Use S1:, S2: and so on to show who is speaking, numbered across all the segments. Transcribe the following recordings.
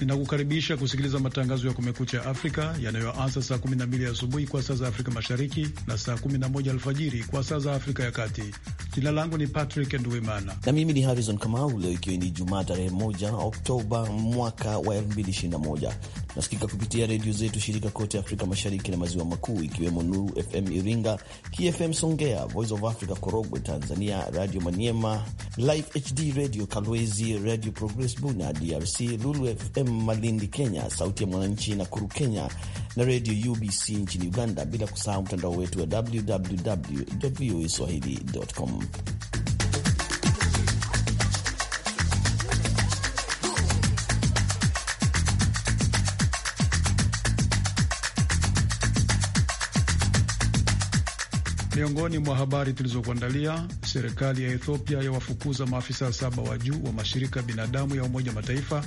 S1: Ninakukaribisha kusikiliza matangazo ya Kumekucha Afrika yanayoanza saa 12 asubuhi kwa saa za Afrika Mashariki na saa 11 alfajiri kwa saa za Afrika ya Kati. Jina langu ni Patrick Nduimana na mimi ni Harrison
S2: Kamau. Leo ikiwa ni Jumaa tarehe 1 Oktoba mwaka wa 2021, nasikika kupitia redio zetu shirika kote Afrika Mashariki na Maziwa Makuu, ikiwemo Nuru FM Iringa, KFM Songea, Voice of Africa Korogwe Tanzania, Radio Maniema, Life HD Radio Kalwezi, Radio Progress Buna DRC, Lulu FM Malindi, Kenya, Sauti ya Mwananchi na Kuru, Kenya, na redio UBC nchini Uganda, bila kusahau mtandao wetu wa www voa swahili.com.
S1: Miongoni mwa habari tulizokuandalia, serikali ya Ethiopia yawafukuza maafisa saba wa juu wa mashirika binadamu ya Umoja Mataifa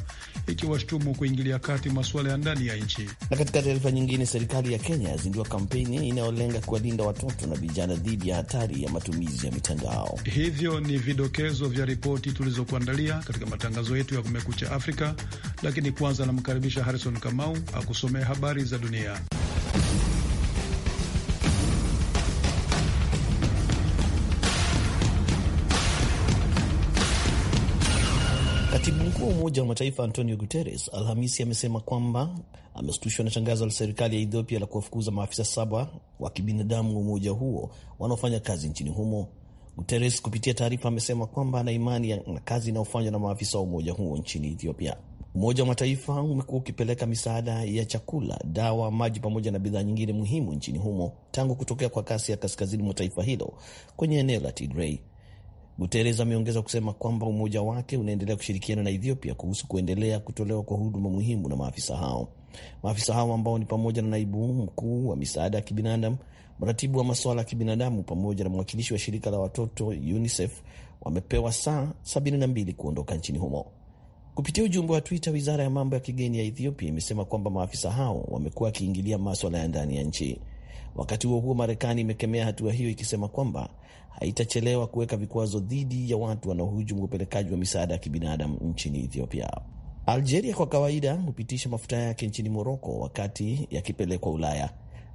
S1: ikiwashtumu kuingilia kati masuala ya ndani ya nchi.
S2: Na katika taarifa nyingine, serikali ya Kenya yazindua kampeni inayolenga kuwalinda watoto na vijana dhidi ya hatari ya matumizi ya mitandao.
S1: Hivyo ni vidokezo vya ripoti tulizokuandalia katika matangazo yetu ya Kumekucha Afrika, lakini kwanza anamkaribisha Harrison Kamau akusomea habari za dunia.
S2: Katibu mkuu wa Umoja wa Mataifa Antonio Guterres Alhamisi amesema kwamba ameshtushwa na tangazo la serikali ya Ethiopia la kuwafukuza maafisa saba wa kibinadamu wa umoja huo wanaofanya kazi nchini humo. Guterres kupitia taarifa amesema kwamba ana imani na kazi inayofanywa na maafisa wa umoja huo nchini Ethiopia. Umoja wa Mataifa umekuwa ukipeleka misaada ya chakula, dawa, maji pamoja na bidhaa nyingine muhimu nchini humo tangu kutokea kwa kasi ya kaskazini mwa taifa hilo kwenye eneo la tigrei Guterres ameongeza kusema kwamba umoja wake unaendelea kushirikiana na Ethiopia kuhusu kuendelea kutolewa kwa huduma muhimu na maafisa hao. Maafisa hao ambao ni pamoja na naibu mkuu wa misaada ya kibinadamu, mratibu wa masuala ya kibinadamu, pamoja na mwakilishi wa shirika la watoto UNICEF wamepewa saa 72 kuondoka nchini humo. Kupitia ujumbe wa Twitter, wizara ya mambo ya kigeni ya Ethiopia imesema kwamba maafisa hao wamekuwa wakiingilia maswala ya ndani ya nchi. Wakati huo huo, Marekani imekemea hatua hiyo ikisema kwamba haitachelewa kuweka vikwazo dhidi ya watu wanaohujumu upelekaji wa misaada ya kibinadamu nchini Ethiopia. Algeria kwa kawaida hupitisha mafuta yake nchini Moroko wakati yakipelekwa Ulaya,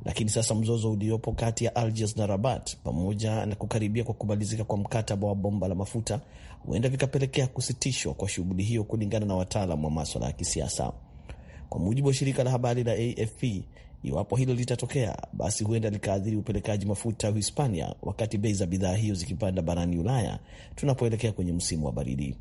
S2: lakini sasa mzozo uliopo kati ya Algiers na Rabat pamoja na kukaribia kwa kumalizika kwa mkataba wa bomba la mafuta huenda vikapelekea kusitishwa kwa shughuli hiyo, kulingana na wataalam wa maswala ya kisiasa. Kwa mujibu wa shirika la habari la AFP, Iwapo hilo litatokea, basi huenda likaathiri upelekaji mafuta Uhispania, wakati bei za bidhaa hiyo zikipanda barani Ulaya tunapoelekea kwenye msimu wa baridi.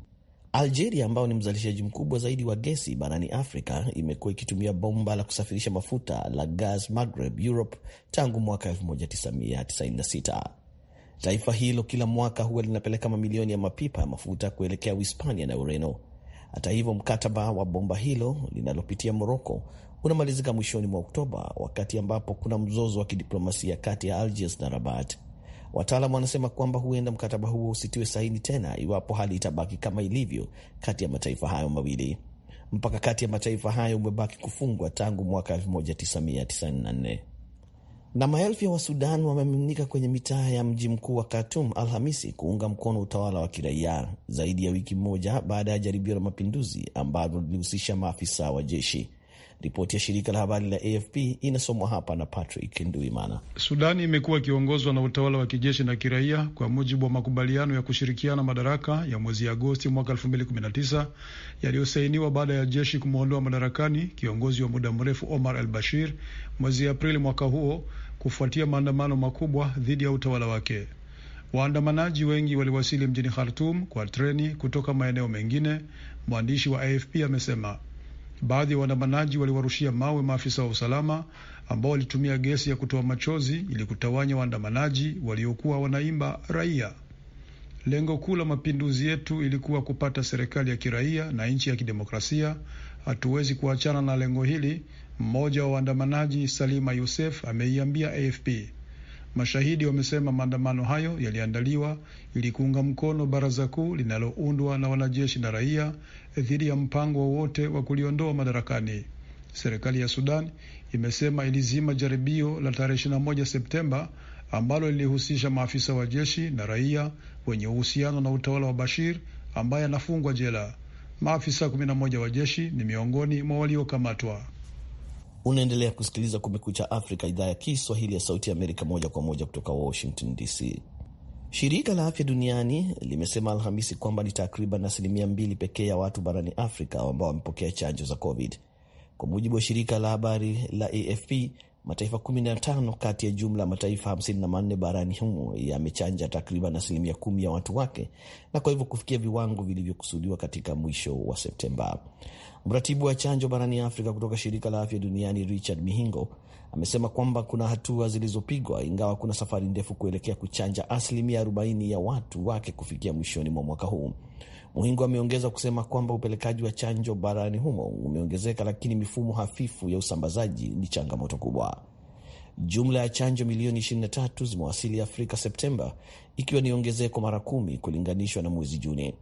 S2: Algeria ambao ni mzalishaji mkubwa zaidi wa gesi barani Afrika imekuwa ikitumia bomba la kusafirisha mafuta la Gas Maghreb Europe tangu mwaka 1996. Taifa hilo kila mwaka huwa linapeleka mamilioni ya mapipa ya mafuta kuelekea Uhispania na Ureno. Hata hivyo, mkataba wa bomba hilo linalopitia Moroko unamalizika mwishoni mwa Oktoba, wakati ambapo kuna mzozo wa kidiplomasia kati ya Algiers na Rabat. Wataalam wanasema kwamba huenda mkataba huo usitiwe saini tena iwapo hali itabaki kama ilivyo kati ya mataifa hayo mawili. Mpaka kati ya mataifa hayo umebaki kufungwa tangu mwaka 1994 na maelfu ya Wasudan wamemiminika kwenye mitaa ya mji mkuu wa Khartoum Alhamisi kuunga mkono utawala wa kiraia zaidi ya wiki moja baada ya jaribio la mapinduzi ambalo lilihusisha maafisa wa jeshi. Ripoti ya shirika la habari la AFP inasomwa hapa na Patrick Nduimana.
S1: Sudani imekuwa ikiongozwa na utawala wa kijeshi na kiraia kwa mujibu wa makubaliano ya kushirikiana madaraka ya mwezi Agosti mwaka 2019 yaliyosainiwa baada ya jeshi kumwondoa madarakani kiongozi wa muda mrefu Omar al Bashir mwezi Aprili mwaka huo kufuatia maandamano makubwa dhidi ya utawala wake. Waandamanaji wengi waliwasili mjini Khartum kwa treni kutoka maeneo mengine, mwandishi wa AFP amesema. Baadhi ya waandamanaji waliwarushia mawe maafisa wa usalama ambao walitumia gesi ya kutoa machozi ili kutawanya waandamanaji waliokuwa wanaimba raia. Lengo kuu la mapinduzi yetu ilikuwa kupata serikali ya kiraia na nchi ya kidemokrasia. Hatuwezi kuachana na lengo hili, mmoja wa waandamanaji Salima Yusef ameiambia AFP. Mashahidi wamesema maandamano hayo yaliandaliwa ili kuunga mkono baraza kuu linaloundwa na wanajeshi na raia dhidi ya mpango wowote wa kuliondoa madarakani. Serikali ya Sudan imesema ilizima jaribio la tarehe 21 Septemba ambalo lilihusisha maafisa wa jeshi na raia wenye uhusiano na utawala wa Bashir ambaye anafungwa jela. Maafisa 11 wa jeshi ni miongoni mwa waliokamatwa.
S2: Unaendelea kusikiliza Kumekucha Afrika, idhaa ya Kiswahili ya Sauti ya Amerika, moja kwa moja kutoka Washington DC. Shirika la Afya Duniani limesema Alhamisi kwamba ni takriban asilimia mbili pekee ya watu barani Afrika ambao wamepokea chanjo za COVID. Kwa mujibu wa shirika la habari la AFP, mataifa 15 kati ya jumla ya mataifa 54 barani humo yamechanja takriban asilimia kumi ya watu wake, na kwa hivyo kufikia viwango vilivyokusudiwa katika mwisho wa Septemba. Mratibu wa chanjo barani Afrika kutoka shirika la afya duniani Richard Mihingo amesema kwamba kuna hatua zilizopigwa, ingawa kuna safari ndefu kuelekea kuchanja asilimia 40 ya watu wake kufikia mwishoni mwa mwaka huu. Muhingo ameongeza kusema kwamba upelekaji wa chanjo barani humo umeongezeka, lakini mifumo hafifu ya usambazaji ni changamoto kubwa. Jumla ya chanjo milioni 23 zimewasili Afrika Septemba, ikiwa ni ongezeko mara kumi kulinganishwa na mwezi Juni.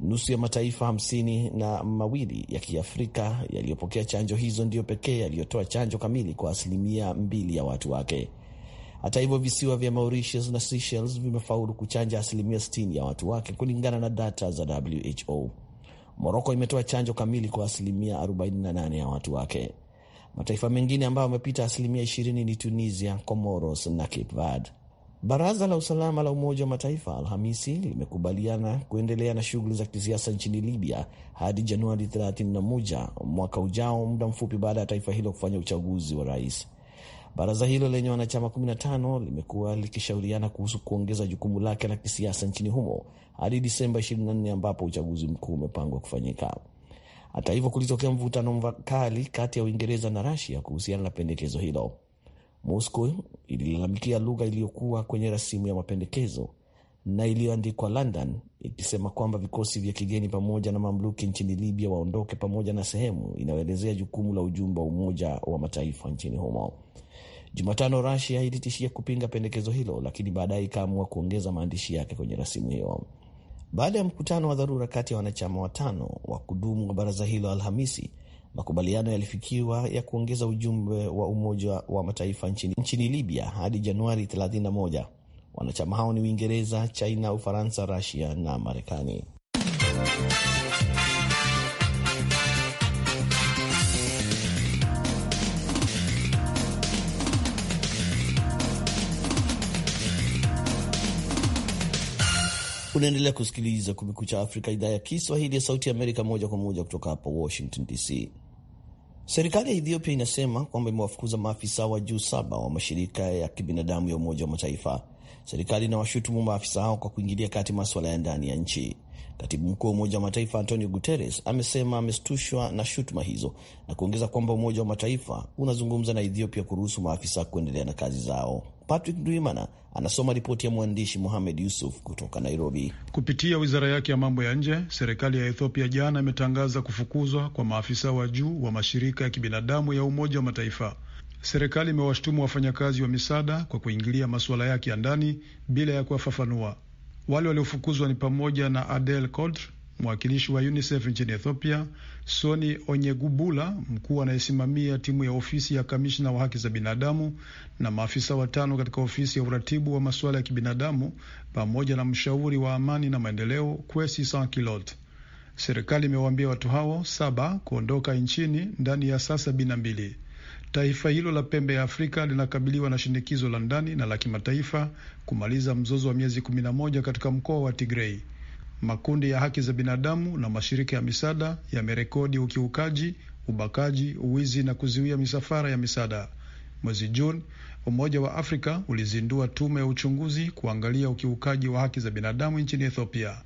S2: Nusu ya mataifa hamsini na mawili ya Kiafrika yaliyopokea chanjo hizo ndiyo pekee yaliyotoa chanjo kamili kwa asilimia mbili ya watu wake. Hata hivyo, visiwa vya Mauritius na Seychelles vimefaulu kuchanja asilimia 60 ya watu wake kulingana na data za WHO. Moroko imetoa chanjo kamili kwa asilimia 48 ya watu wake. Mataifa mengine ambayo amepita asilimia 20 ni Tunisia, Comoros na Cape Verde. Baraza la usalama la Umoja wa Mataifa Alhamisi limekubaliana kuendelea na shughuli za kisiasa nchini Libya hadi Januari 31 mwaka ujao, muda mfupi baada ya taifa hilo kufanya uchaguzi wa rais. Baraza hilo lenye wanachama 15 limekuwa likishauriana kuhusu kuongeza jukumu lake la kisiasa nchini humo hadi Disemba 24 ambapo uchaguzi mkuu umepangwa kufanyika. Hata hivyo, kulitokea mvutano mkali kati ya Uingereza na Rasia kuhusiana na pendekezo hilo. Moscow ililalamikia lugha iliyokuwa kwenye rasimu ya mapendekezo na iliyoandikwa London, ikisema kwamba vikosi vya kigeni pamoja na mamluki nchini Libya waondoke pamoja na sehemu inayoelezea jukumu la ujumbe wa Umoja wa Mataifa nchini humo. Jumatano, rasia ilitishia kupinga pendekezo hilo, lakini baadaye ikaamua kuongeza maandishi yake kwenye rasimu hiyo. Baada ya mkutano wa dharura kati ya wanachama watano wa kudumu wa baraza hilo Alhamisi, Makubaliano yalifikiwa ya kuongeza ujumbe wa Umoja wa Mataifa nchini, nchini Libya hadi Januari 31. Wanachama hao ni Uingereza, China, Ufaransa, Rusia na Marekani. Unaendelea kusikiliza Kumekucha Afrika, idhaa ya Kiswahili ya Sauti ya Amerika, moja kwa moja kutoka hapa Washington DC. Serikali ya Ethiopia inasema kwamba imewafukuza maafisa wa juu saba wa mashirika ya kibinadamu ya Umoja wa Mataifa. Serikali inawashutumu maafisa hao kwa kuingilia kati maswala ya ndani ya nchi. Katibu mkuu wa Umoja wa Mataifa Antonio Guterres amesema ameshtushwa na shutuma hizo na kuongeza kwamba Umoja wa Mataifa unazungumza na Ethiopia kuruhusu maafisa kuendelea na kazi zao. Patrick Duimana anasoma ripoti ya mwandishi Muhamed Yusuf kutoka Nairobi.
S1: Kupitia wizara yake ya mambo ya nje, serikali ya Ethiopia jana imetangaza kufukuzwa kwa maafisa wa juu wa mashirika ya kibinadamu ya Umoja wa Mataifa. Serikali imewashtumu wafanyakazi wa misaada kwa kuingilia masuala yake ya ndani bila ya kuwafafanua. Wale waliofukuzwa ni pamoja na Adel codre mwakilishi wa UNICEF nchini Ethiopia, Soni Onyegubula, mkuu anayesimamia timu ya ofisi ya kamishna wa haki za binadamu, na maafisa watano katika ofisi ya uratibu wa masuala ya kibinadamu, pamoja na mshauri wa amani na maendeleo Kwesi Sankilot. Serikali imewaambia watu hao saba kuondoka nchini ndani ya saa sabini na mbili. Taifa hilo la pembe ya Afrika linakabiliwa na shinikizo la ndani na la kimataifa kumaliza mzozo wa miezi 11 katika mkoa wa Tigrei. Makundi ya haki za binadamu na mashirika ya misaada yamerekodi ukiukaji, ubakaji, uwizi na kuzuia misafara ya misaada. Mwezi Juni, Umoja wa Afrika ulizindua tume ya uchunguzi kuangalia ukiukaji wa haki za binadamu nchini Ethiopia.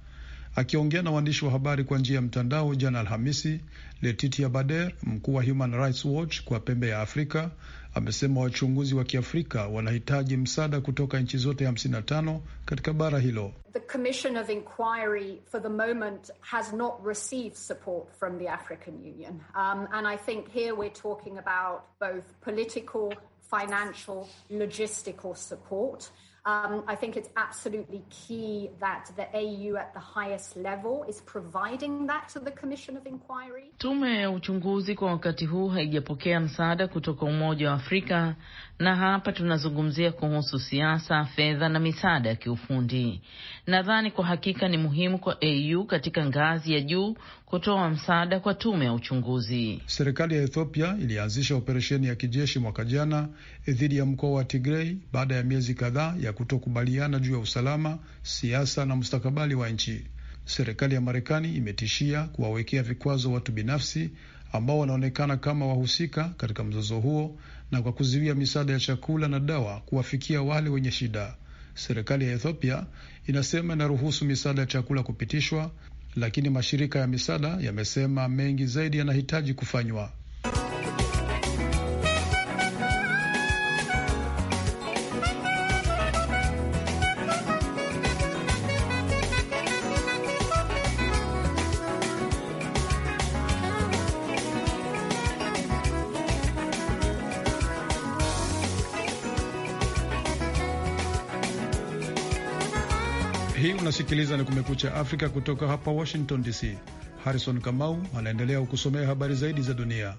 S1: Akiongea na waandishi wa habari kwa njia ya mtandao jana Alhamisi, Letitia Bader, mkuu wa Human Rights Watch kwa pembe ya Afrika, amesema wachunguzi wa Kiafrika wanahitaji msaada kutoka nchi zote 55 katika bara hilo.
S2: The commission of inquiry for the moment has not received support from the African Union. Um, and I think here we're talking about both political, financial, logistical support. Um, I think it's absolutely key that the AU at the highest level is providing that to
S3: the
S4: commission of inquiry.
S5: Tume ya uchunguzi kwa wakati huu haijapokea msaada kutoka Umoja wa Afrika na hapa tunazungumzia kuhusu siasa, fedha na misaada ya kiufundi. Nadhani kwa hakika ni muhimu kwa AU katika ngazi ya juu kutoa msaada kwa tume ya uchunguzi.
S1: Serikali ya Ethiopia ilianzisha operesheni ya kijeshi mwaka jana eh, dhidi ya mkoa wa Tigrei baada ya miezi kadhaa ya kutokubaliana juu ya usalama, siasa na mustakabali wa nchi. Serikali ya Marekani imetishia kuwawekea vikwazo watu binafsi ambao wanaonekana kama wahusika katika mzozo huo na kwa kuzuia misaada ya chakula na dawa kuwafikia wale wenye shida. Serikali ya Ethiopia inasema inaruhusu misaada ya chakula kupitishwa, lakini mashirika ya misaada yamesema mengi zaidi yanahitaji kufanywa. Hii unasikiliza ni Kumekucha Afrika kutoka hapa Washington DC. Harrison Kamau anaendelea kukusomea habari zaidi za dunia.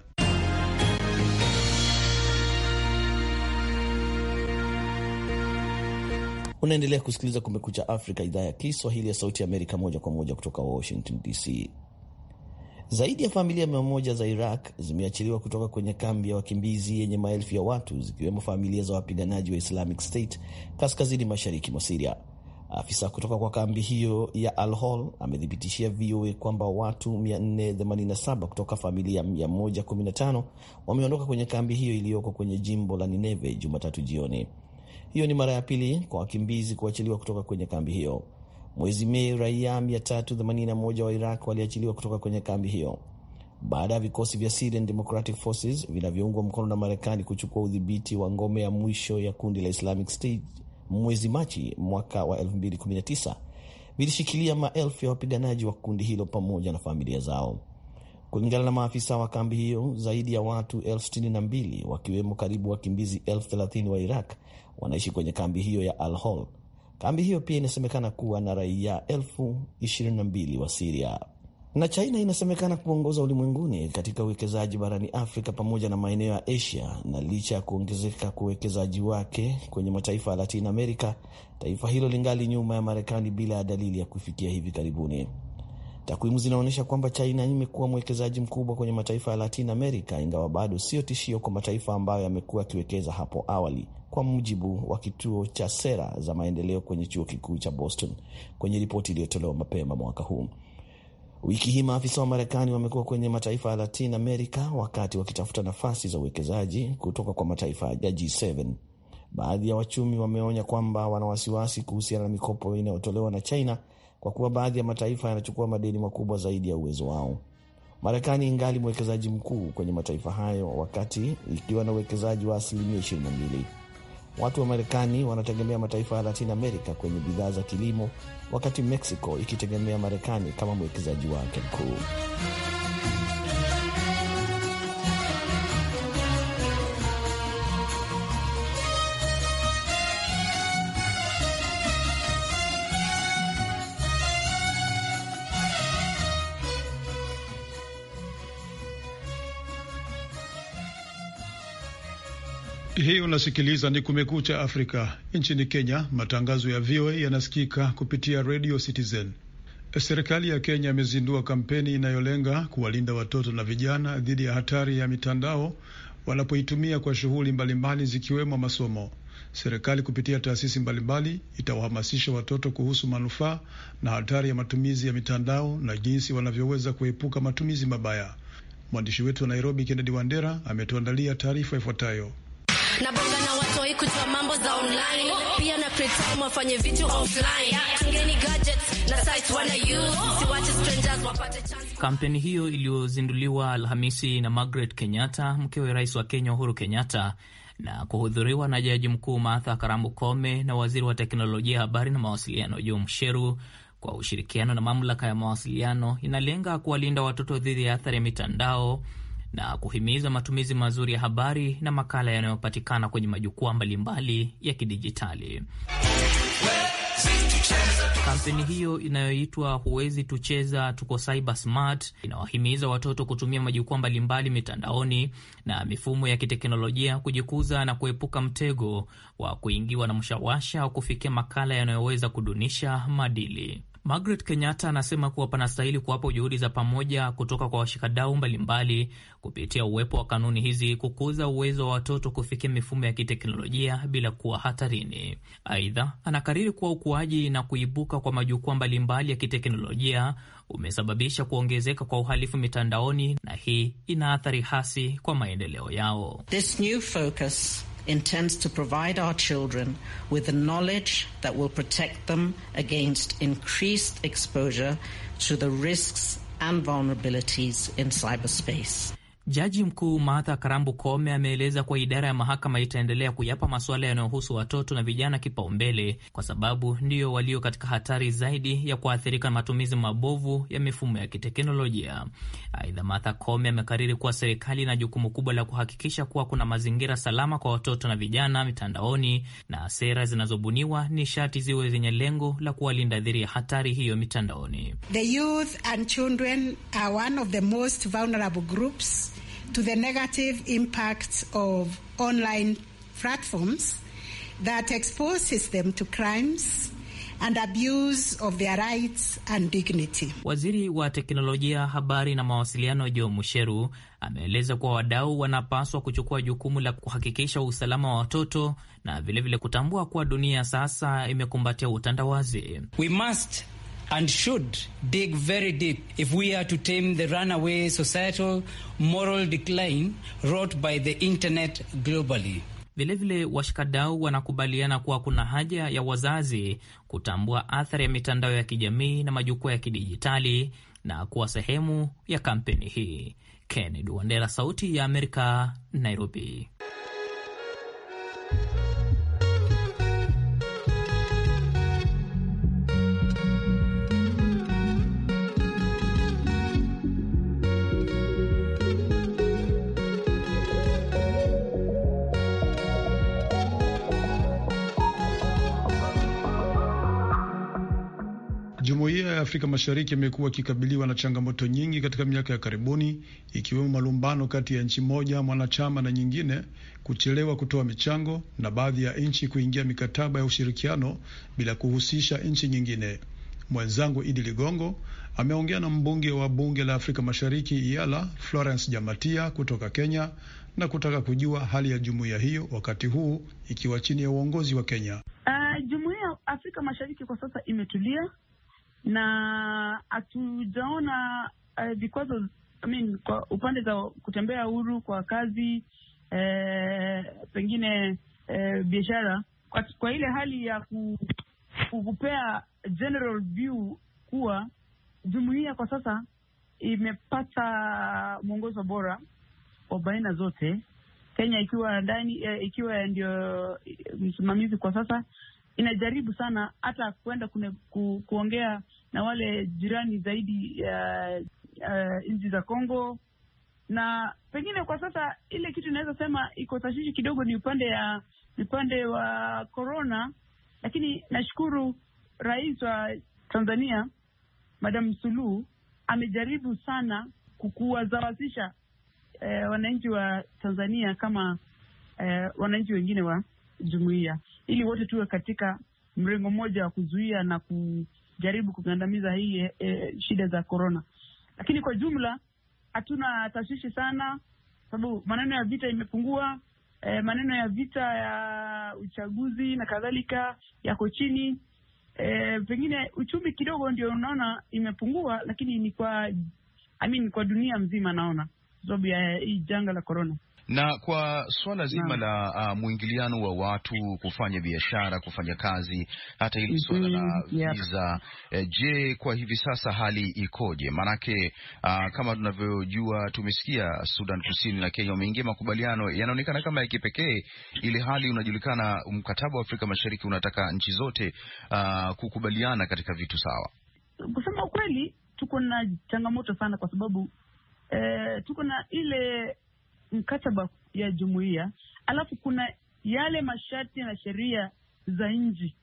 S1: Unaendelea kusikiliza
S2: Kumekucha Afrika, idhaa ya Kiswahili ya Sauti Amerika, moja kwa moja kutoka Washington DC. Zaidi ya familia mia moja za Iraq zimeachiliwa kutoka kwenye kambi ya wakimbizi yenye maelfu ya watu zikiwemo familia za wapiganaji wa Islamic State kaskazini mashariki mwa Siria. Afisa kutoka kwa kambi hiyo ya Al Hol amethibitishia VOA kwamba watu 487 kutoka familia 115 wameondoka kwenye kambi hiyo iliyoko kwenye jimbo la Nineve Jumatatu jioni. Hiyo ni mara ya pili kwa wakimbizi kuachiliwa kutoka kwenye kambi hiyo. Mwezi Mei, raia 381 wa Iraq waliachiliwa kutoka kwenye kambi hiyo baada ya vikosi vya Syrian Democratic Forces vinavyoungwa mkono na Marekani kuchukua udhibiti wa ngome ya mwisho ya kundi la Islamic State mwezi Machi mwaka wa 2019 vilishikilia maelfu ya wapiganaji wa kundi hilo pamoja na familia zao. Kulingana na maafisa wa kambi hiyo, zaidi ya watu elfu sitini na mbili wakiwemo karibu wakimbizi elfu thelathini wa Iraq wanaishi kwenye kambi hiyo ya Al Hol. Kambi hiyo pia inasemekana kuwa na raia elfu ishirini na mbili wa Siria na China inasemekana kuongoza ulimwenguni katika uwekezaji barani Afrika pamoja na maeneo ya Asia. Na licha ya kuongezeka kwa uwekezaji wake kwenye mataifa ya Latin America, taifa hilo lingali nyuma ya Marekani bila ya dalili ya kufikia hivi karibuni. Takwimu zinaonyesha kwamba China imekuwa mwekezaji mkubwa kwenye mataifa ya Latin America, ingawa bado sio tishio kwa mataifa ambayo yamekuwa yakiwekeza hapo awali, kwa mujibu wa kituo cha sera za maendeleo kwenye chuo kikuu cha Boston kwenye ripoti iliyotolewa mapema mwaka huu. Wiki hii maafisa wa Marekani wamekuwa kwenye mataifa ya Latin America wakati wakitafuta nafasi za uwekezaji kutoka kwa mataifa ya G7. Baadhi ya wachumi wameonya kwamba wana wasiwasi kuhusiana na mikopo inayotolewa na China kwa kuwa baadhi ya mataifa yanachukua madeni makubwa zaidi ya uwezo wao. Marekani ingali mwekezaji mkuu kwenye mataifa hayo wakati ikiwa na uwekezaji wa asilimia 22. Watu wa Marekani wanategemea mataifa ya Latin America kwenye bidhaa za kilimo, wakati Mexico ikitegemea Marekani kama mwekezaji wake mkuu.
S1: hii unasikiliza ni Kumekucha Afrika. Nchini Kenya, matangazo ya VOA yanasikika kupitia Radio Citizen. Serikali ya Kenya imezindua kampeni inayolenga kuwalinda watoto na vijana dhidi ya hatari ya mitandao wanapoitumia kwa shughuli mbalimbali zikiwemo masomo. Serikali kupitia taasisi mbalimbali itawahamasisha watoto kuhusu manufaa na hatari ya matumizi ya mitandao na jinsi wanavyoweza kuepuka matumizi mabaya. Mwandishi wetu wa Nairobi, Kennedy Wandera, ametuandalia taarifa ifuatayo
S5: na bonga na watu watoi kutoa mambo za online, pia na create time wafanye vitu offline. Tungeni gadgets na sites wana use, watch strangers wapate chance.
S6: Kampeni hiyo iliyozinduliwa Alhamisi na Margaret Kenyatta, mkewe rais wa Kenya Uhuru Kenyatta, na kuhudhuriwa na Jaji Mkuu Martha Karambu Kome na waziri wa teknolojia, habari na mawasiliano Joe Sheru kwa ushirikiano na mamlaka ya mawasiliano, inalenga kuwalinda watoto dhidi ya athari ya mitandao na kuhimiza matumizi mazuri ya habari na makala yanayopatikana kwenye majukwaa mbalimbali ya kidijitali. Kampeni hiyo inayoitwa huwezi tucheza tuko cyber smart inawahimiza watoto kutumia majukwaa mbalimbali mitandaoni na mifumo ya kiteknolojia kujikuza na kuepuka mtego wa kuingiwa na mshawasha wa kufikia makala yanayoweza kudunisha maadili. Margaret Kenyatta anasema kuwa panastahili kuwapo juhudi za pamoja kutoka kwa washikadau mbalimbali kupitia uwepo wa kanuni hizi kukuza uwezo wa watoto kufikia mifumo ya kiteknolojia bila kuwa hatarini. Aidha, anakariri kuwa ukuaji na kuibuka kwa majukwaa mbalimbali ya kiteknolojia umesababisha kuongezeka kwa uhalifu mitandaoni na hii ina athari hasi kwa maendeleo yao.
S5: This new focus intends to provide our children with the knowledge that will protect them against increased exposure to the risks and vulnerabilities in cyberspace.
S6: Jaji Mkuu Martha Karambu Kome ameeleza kuwa idara ya mahakama itaendelea kuyapa masuala yanayohusu watoto na vijana kipaumbele kwa sababu ndiyo walio katika hatari zaidi ya kuathirika na matumizi mabovu ya mifumo ya kiteknolojia. Aidha, Martha Kome amekariri kuwa serikali ina jukumu kubwa la kuhakikisha kuwa kuna mazingira salama kwa watoto na vijana mitandaoni na sera zinazobuniwa ni sharti ziwe zenye lengo la kuwalinda dhidi ya hatari hiyo mitandaoni.
S3: The youth and children are one of the most vulnerable groups to the negative impacts of online platforms that exposes them to crimes and abuse of their rights and dignity.
S6: Waziri wa teknolojia, habari na mawasiliano Joe Musheru ameeleza kuwa wadau wanapaswa kuchukua jukumu la kuhakikisha usalama wa watoto na vilevile vile kutambua kuwa dunia sasa imekumbatia utandawazi. We must and should dig very deep if we are to tame the runaway societal moral decline wrought by the internet globally. Vilevile, washikadau wanakubaliana kuwa kuna haja ya wazazi kutambua athari ya mitandao ya kijamii na majukwaa ya kidijitali na kuwa sehemu ya kampeni hii. Kennedy Wandera, Sauti ya Amerika, Nairobi.
S1: Afrika Mashariki imekuwa ikikabiliwa na changamoto nyingi katika miaka ya karibuni, ikiwemo malumbano kati ya nchi moja mwanachama na nyingine, kuchelewa kutoa michango na baadhi ya nchi kuingia mikataba ya ushirikiano bila kuhusisha nchi nyingine. Mwenzangu Idi Ligongo ameongea na mbunge wa bunge la Afrika Mashariki IALA, Florence Jamatia kutoka Kenya na kutaka kujua hali ya jumuiya hiyo wakati huu ikiwa chini ya uongozi wa Kenya.
S7: Uh, jumuiya ya Afrika Mashariki kwa sasa imetulia na hatujaona eh, vikwazo uh, I mean, kwa upande za kutembea huru kwa kazi eh, pengine eh, biashara kwa, kwa ile hali ya kukupea general view kuwa jumuia kwa sasa imepata mwongozo bora wa baina zote, Kenya ikiwa ndani eh, ikiwa ndio eh, msimamizi kwa sasa inajaribu sana hata kuenda kune, ku, kuongea na wale jirani zaidi ya uh, uh, nchi za Kongo na pengine kwa sasa ile kitu inaweza sema iko tashishi kidogo ni upande ya upande wa corona, lakini nashukuru Rais wa Tanzania Madam Suluhu amejaribu sana kuwazawazisha eh, wananchi wa Tanzania kama eh, wananchi wengine wa jumuiya, ili wote tuwe katika mrengo mmoja wa kuzuia na kujaribu kugandamiza hii e, e, shida za korona. Lakini kwa jumla hatuna tashwishi sana, sababu maneno ya vita imepungua. E, maneno ya vita ya uchaguzi na kadhalika yako chini. E, pengine uchumi kidogo ndio unaona imepungua, lakini ni kwa I mean, kwa dunia mzima naona sababu ya hii janga la korona.
S1: Na kwa suala zima
S6: la uh, mwingiliano wa watu kufanya biashara, kufanya kazi, hata hili mm-hmm. suala la visa yep. Eh, je, kwa hivi sasa hali ikoje? Maanake uh, ah, kama tunavyojua, tumesikia Sudan Kusini na Kenya wameingia makubaliano yanaonekana kama ya kipekee, ili hali unajulikana, mkataba wa Afrika Mashariki unataka nchi zote uh, kukubaliana katika vitu sawa.
S7: Kusema ukweli, tuko na changamoto sana kwa sababu eh, tuko na ile mkataba ya jumuiya, alafu kuna yale masharti na sheria za nchi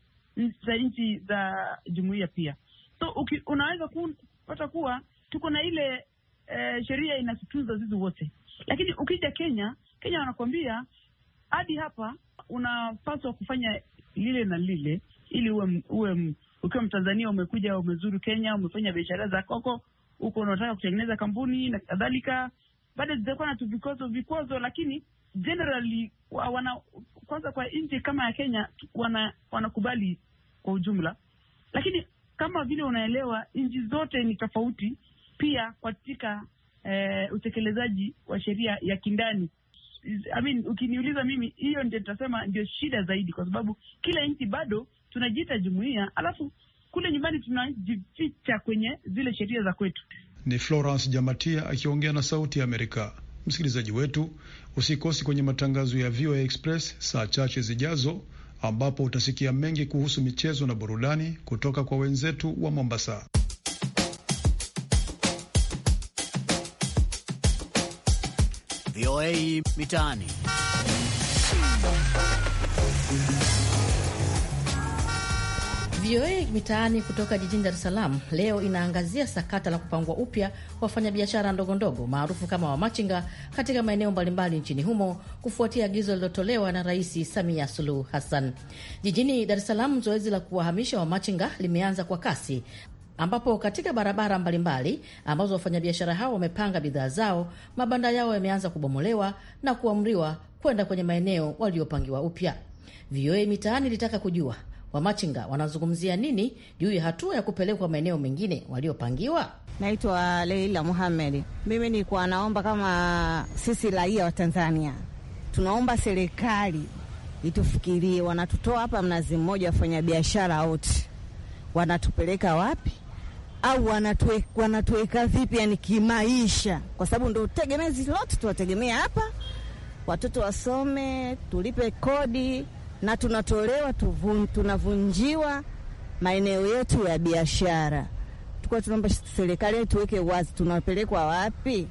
S7: za nchi za jumuiya pia. So uki, unaweza kupata kuwa tuko na ile e, sheria inatutunza sisi wote, lakini ukija Kenya, Kenya wanakuambia hadi hapa unapaswa kufanya lile na lile ili uwe, uwe ukiwa Mtanzania umekuja umezuru Kenya, umefanya biashara za koko huko, unataka kutengeneza kampuni na kadhalika, bado zitakuwa na tu vikwazo vikwazo, lakini generally wana kwanza kwa nchi kama ya Kenya wana, wanakubali kwa ujumla, lakini kama vile unaelewa nchi zote ni tofauti pia katika eh, utekelezaji wa sheria ya kindani. I mean, ukiniuliza mimi, hiyo ndio nitasema ndio shida zaidi, kwa sababu kila nchi bado tunajiita jumuiya, alafu kule nyumbani tunajificha kwenye zile sheria za kwetu.
S1: Ni Florence Jamatia akiongea na Sauti ya Amerika. Msikilizaji wetu, usikosi kwenye matangazo ya VOA Express saa chache zijazo, ambapo utasikia mengi kuhusu michezo na burudani kutoka kwa wenzetu wa Mombasa.
S7: VOA Mitaani. VOA
S5: Mitaani kutoka jijini Dar es Salaam leo inaangazia sakata la kupangwa upya wafanyabiashara ndogondogo maarufu kama wamachinga katika maeneo mbalimbali nchini humo kufuatia agizo lililotolewa na Rais Samia Suluhu Hassan. Jijini Dar es Salaam, zoezi la kuwahamisha wamachinga limeanza kwa kasi ambapo katika barabara mbalimbali ambazo wafanyabiashara hao wamepanga bidhaa zao, mabanda yao yameanza kubomolewa na kuamriwa kwenda kwenye maeneo waliopangiwa upya. VOA Mitaani ilitaka kujua Wamachinga wanazungumzia nini
S3: juu ya hatua ya kupelekwa maeneo mengine waliopangiwa? Naitwa Leila muhamed Mimi nilikuwa naomba kama sisi raia wa Tanzania tunaomba serikali itufikirie, wanatutoa hapa Mnazi Mmoja wafanya biashara wote, wanatupeleka wapi? au wanatuweka vipi yani kimaisha, kwa sababu ndo tegemezi lote tuwategemea hapa, watoto wasome, tulipe kodi, na tunatolewa tuvun, tunavunjiwa maeneo yetu ya biashara. Tukuwa tunaomba serikali tuweke wazi, tunapelekwa wapi?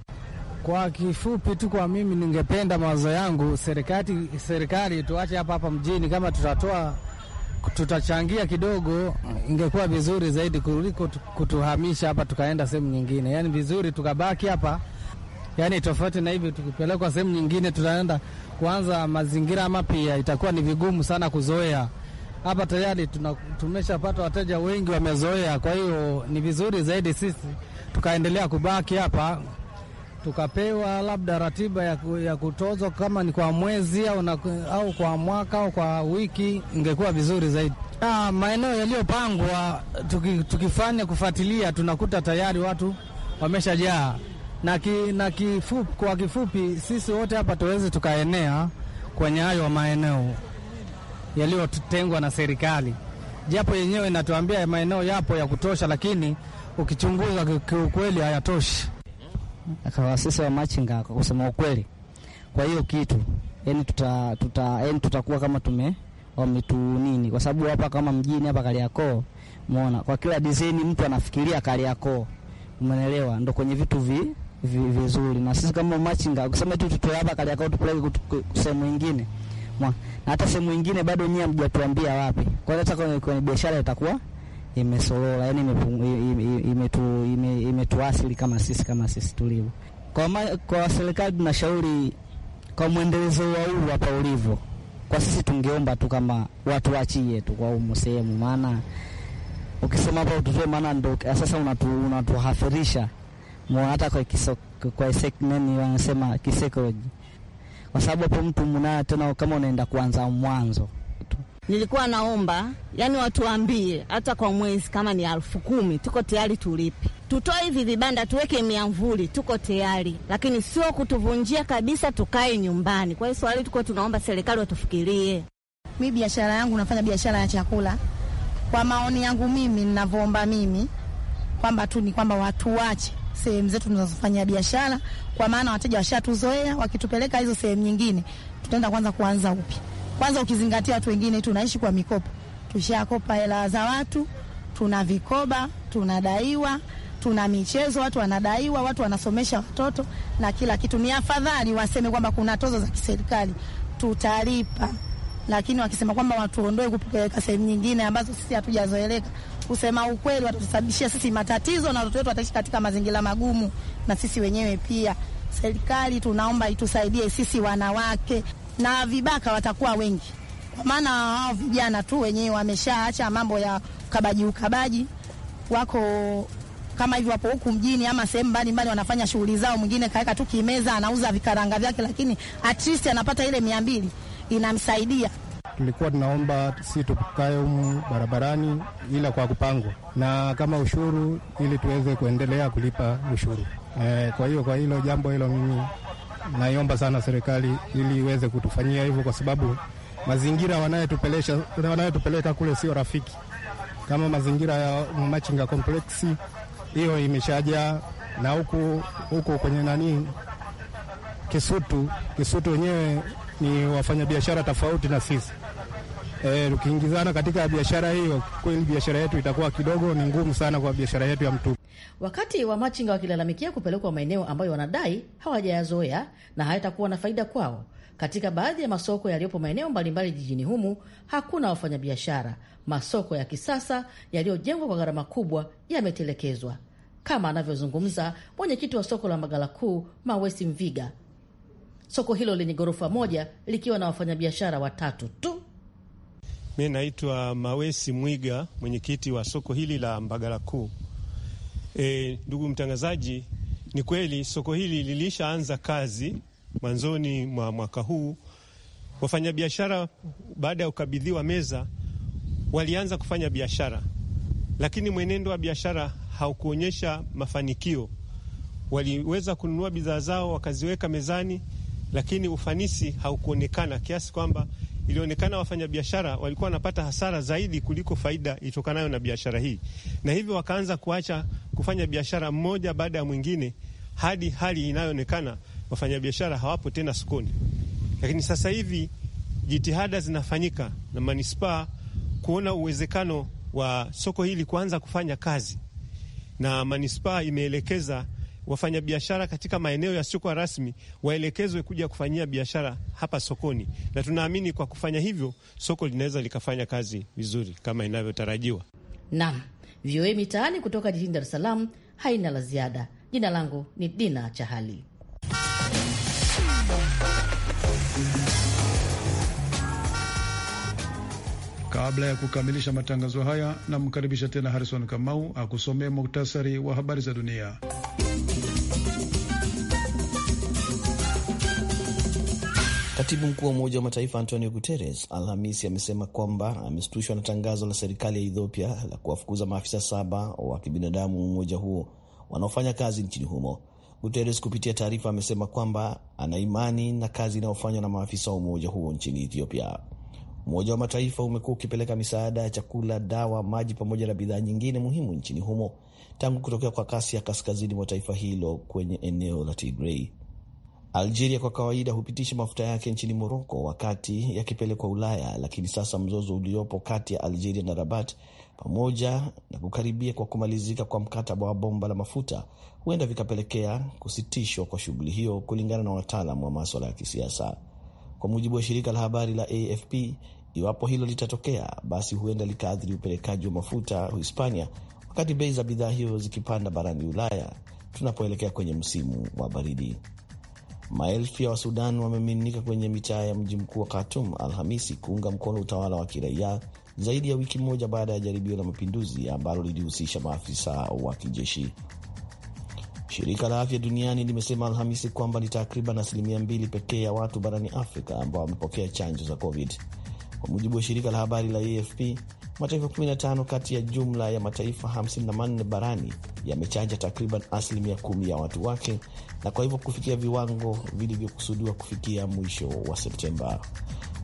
S3: Kwa kifupi tu, kwa mimi ningependa mawazo yangu serikali,
S6: serikali tuache hapa hapa mjini. Kama tutatoa tutachangia kidogo, ingekuwa vizuri zaidi kuliko kutuhamisha hapa tukaenda sehemu nyingine. Yaani vizuri tukabaki hapa yani tofauti na hivi, tukipelekwa sehemu nyingine tunaenda kuanza mazingira mapya, itakuwa ni vigumu sana kuzoea. Hapa tayari tumeshapata wateja wengi wamezoea, kwa hiyo ni vizuri zaidi sisi tukaendelea kubaki hapa tukapewa labda ratiba ya, ya kutozwa kama ni kwa mwezi au, na, au kwa mwaka au kwa wiki, ingekuwa vizuri zaidi. Ah, maeneo yaliyopangwa tukifanya kufuatilia, tunakuta tayari watu wameshajaa na, ki, na kifupi, kwa kifupi sisi wote hapa tuweze tukaenea kwenye hayo maeneo yaliyotengwa na serikali, japo yenyewe inatuambia
S3: maeneo yapo ya kutosha, lakini ukichunguza kiukweli hayatoshi. sisi wa machinga kwa kusema ukweli, kwa hiyo kitu yani tuta, tuta, yani tutakuwa kama tume wametu nini, kwa sababu hapa kama mjini hapa Kariakoo, muona kwa kila dizaini mtu anafikiria Kariakoo, umeelewa? Ndo kwenye vitu vi vizuri, na sisi kama machinga, ukisema tu tutoe hapa kali Kariakoo tupeleke sehemu nyingine, na hata sehemu nyingine bado nyinyi hamjatuambia wapi, kwa hiyo hata kwenye kwenye biashara itakuwa imesorola yani imetu imetuasili kama sisi kama sisi tulivyo. Kwa ma, kwa serikali tunashauri kwa mwendelezo wa huu hapa ulivyo, kwa sisi tungeomba tu kama watu waachie tu kwa umu sehemu, maana ukisema hapa ututoe, maana ndo sasa unatu, unatuhafirisha hata kwa kiso, kwa nani wanasema kisekoloji, kwa sababu hapo mtu mnaa tena kama unaenda kuanza mwanzo. Nilikuwa naomba yani watuambie hata kwa mwezi kama ni elfu kumi tuko tayari tulipe, tutoe hivi vibanda tuweke miamvuli, tuko tayari, lakini sio kutuvunjia kabisa tukae nyumbani. Kwa hiyo swali tuko tunaomba serikali watufikirie. Mi biashara yangu nafanya biashara ya chakula. Kwa maoni yangu mimi ninavyoomba mimi kwamba tu ni kwamba watu wache sehemu zetu tunazofanya biashara, kwa maana wateja washatuzoea, wakitupeleka hizo sehemu nyingine tutaenda kwanza kuanza upya. Kwanza ukizingatia watu wengine tunaishi kwa mikopo, tushakopa hela za watu, tuna vikoba, tunadaiwa, tuna michezo, watu wanadaiwa, watu wanasomesha watoto na kila kitu. Ni afadhali waseme kwamba kuna tozo za kiserikali tutalipa, lakini wakisema kwamba watuondoe kupeleka sehemu nyingine ambazo sisi hatujazoeleka kusema ukweli, watusababishia sisi matatizo na watoto wetu wataishi katika mazingira magumu, na sisi wenyewe pia. Serikali tunaomba itusaidie sisi wanawake, na vibaka watakuwa wengi, kwa maana wao vijana tu wenyewe wameshaacha mambo ya ukabaji. Ukabaji wako kama hivyo, wapo huku mjini ama sehemu mbalimbali, wanafanya shughuli zao. Mwingine kaweka tu kimeza, anauza vikaranga vyake, lakini at least anapata ile mia mbili inamsaidia
S4: tulikuwa tunaomba si tukae humu barabarani, ila kwa kupangwa na kama ushuru, ili tuweze kuendelea kulipa ushuru e. Kwa hiyo kwa hilo jambo hilo, mimi naiomba sana serikali ili iweze kutufanyia hivyo, kwa sababu mazingira wanayotupeleka wanayotupeleka kule sio rafiki. Kama mazingira ya Machinga kompleksi hiyo imeshajaa, na huku huku kwenye nani Kisutu, Kisutu wenyewe ni wafanyabiashara tofauti na sisi. E, tukiingizana katika biashara hiyo, kweli biashara yetu itakuwa kidogo ni ngumu sana kwa biashara yetu ya mtumba.
S5: Wakati wa machinga wakilalamikia kupelekwa maeneo ambayo wanadai hawajayazoea na hayatakuwa na faida kwao. Katika baadhi ya masoko yaliyopo maeneo mbalimbali jijini humu hakuna wafanyabiashara. Masoko ya kisasa yaliyojengwa kwa gharama kubwa yametelekezwa, kama anavyozungumza mwenyekiti wa soko la Magala Kuu, Mawesi Mviga. Soko hilo lenye ghorofa moja likiwa na wafanyabiashara watatu tu
S4: Mi naitwa Mawesi Mwiga, mwenyekiti wa soko hili la Mbagala Kuu. E, ndugu mtangazaji, ni kweli soko hili lilishaanza kazi mwanzoni mwa mwaka huu. Wafanyabiashara baada ya kukabidhiwa meza walianza kufanya biashara, lakini mwenendo wa biashara haukuonyesha mafanikio. Waliweza kununua bidhaa zao wakaziweka mezani, lakini ufanisi haukuonekana kiasi kwamba ilionekana wafanyabiashara walikuwa wanapata hasara zaidi kuliko faida itokanayo na biashara hii, na hivyo wakaanza kuacha kufanya biashara mmoja baada ya mwingine, hadi hali inayoonekana wafanyabiashara hawapo tena sokoni. Lakini sasa hivi jitihada zinafanyika na manispaa kuona uwezekano wa soko hili kuanza kufanya kazi, na manispaa imeelekeza wafanyabiashara katika maeneo yasiyokuwa rasmi waelekezwe kuja kufanyia biashara hapa sokoni, na tunaamini kwa kufanya hivyo soko linaweza likafanya kazi vizuri kama inavyotarajiwa.
S5: Naam, VOA Mitaani kutoka jijini Dar es Salaam haina la ziada. Jina langu ni Dina
S1: Chahali. Kabla ya kukamilisha matangazo haya, namkaribisha tena Harrison Kamau akusomea muktasari wa habari za dunia. Katibu mkuu wa Umoja wa Mataifa
S2: Antonio Guterres Alhamisi amesema kwamba ameshtushwa na tangazo la serikali ya Ethiopia la kuwafukuza maafisa saba wa kibinadamu wa umoja huo wanaofanya kazi nchini humo. Guterres kupitia taarifa amesema kwamba ana imani na kazi inayofanywa na maafisa wa umoja huo nchini Ethiopia. Umoja wa Mataifa umekuwa ukipeleka misaada ya chakula, dawa, maji pamoja na bidhaa nyingine muhimu nchini humo tangu kutokea kwa kasi ya kaskazini mwa taifa hilo kwenye eneo la Tigrei. Algeria kwa kawaida hupitisha mafuta yake nchini Moroko wakati yakipelekwa Ulaya, lakini sasa mzozo uliopo kati ya Algeria na Rabat pamoja na kukaribia kwa kumalizika kwa mkataba wa bomba la mafuta huenda vikapelekea kusitishwa kwa shughuli hiyo, kulingana na wataalam wa maswala ya kisiasa. Kwa mujibu wa shirika la habari la AFP, iwapo hilo litatokea, basi huenda likaathiri upelekaji wa mafuta Hispania, wakati bei za bidhaa hiyo zikipanda barani Ulaya tunapoelekea kwenye msimu wa baridi. Maelfu ya Wasudan wamemiminika kwenye mitaa ya mji mkuu wa Khartoum Alhamisi kuunga mkono utawala wa kiraia zaidi ya wiki moja baada ya jaribio la mapinduzi ambalo lilihusisha maafisa wa kijeshi. Shirika la Afya Duniani limesema Alhamisi kwamba ni takriban asilimia mbili pekee ya watu barani Afrika ambao wamepokea chanjo za COVID. Kwa mujibu wa shirika la habari la AFP, Mataifa 15 kati ya jumla ya mataifa 54 barani yamechanja takriban asilimia kumi ya watu wake, na kwa hivyo kufikia viwango vilivyokusudiwa kufikia mwisho wa Septemba.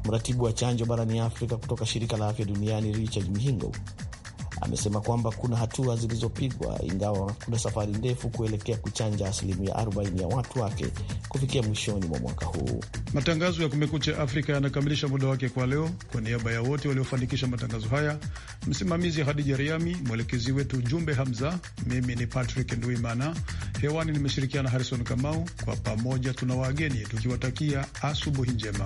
S2: Mratibu wa chanjo barani Afrika kutoka shirika la afya duniani Richard Mihingo amesema kwamba kuna hatua zilizopigwa, ingawa kuna safari ndefu kuelekea kuchanja asilimia 40 ya watu wake kufikia mwishoni mwa mwaka huu.
S1: Matangazo ya Kumekucha Afrika yanakamilisha muda wake kwa leo. Kwa niaba ya wote waliofanikisha matangazo haya, msimamizi Hadija Riami, mwelekezi wetu Jumbe Hamza, mimi ni Patrick Nduimana hewani nimeshirikiana Harrison Kamau. Kwa pamoja tuna wageni tukiwatakia asubuhi njema.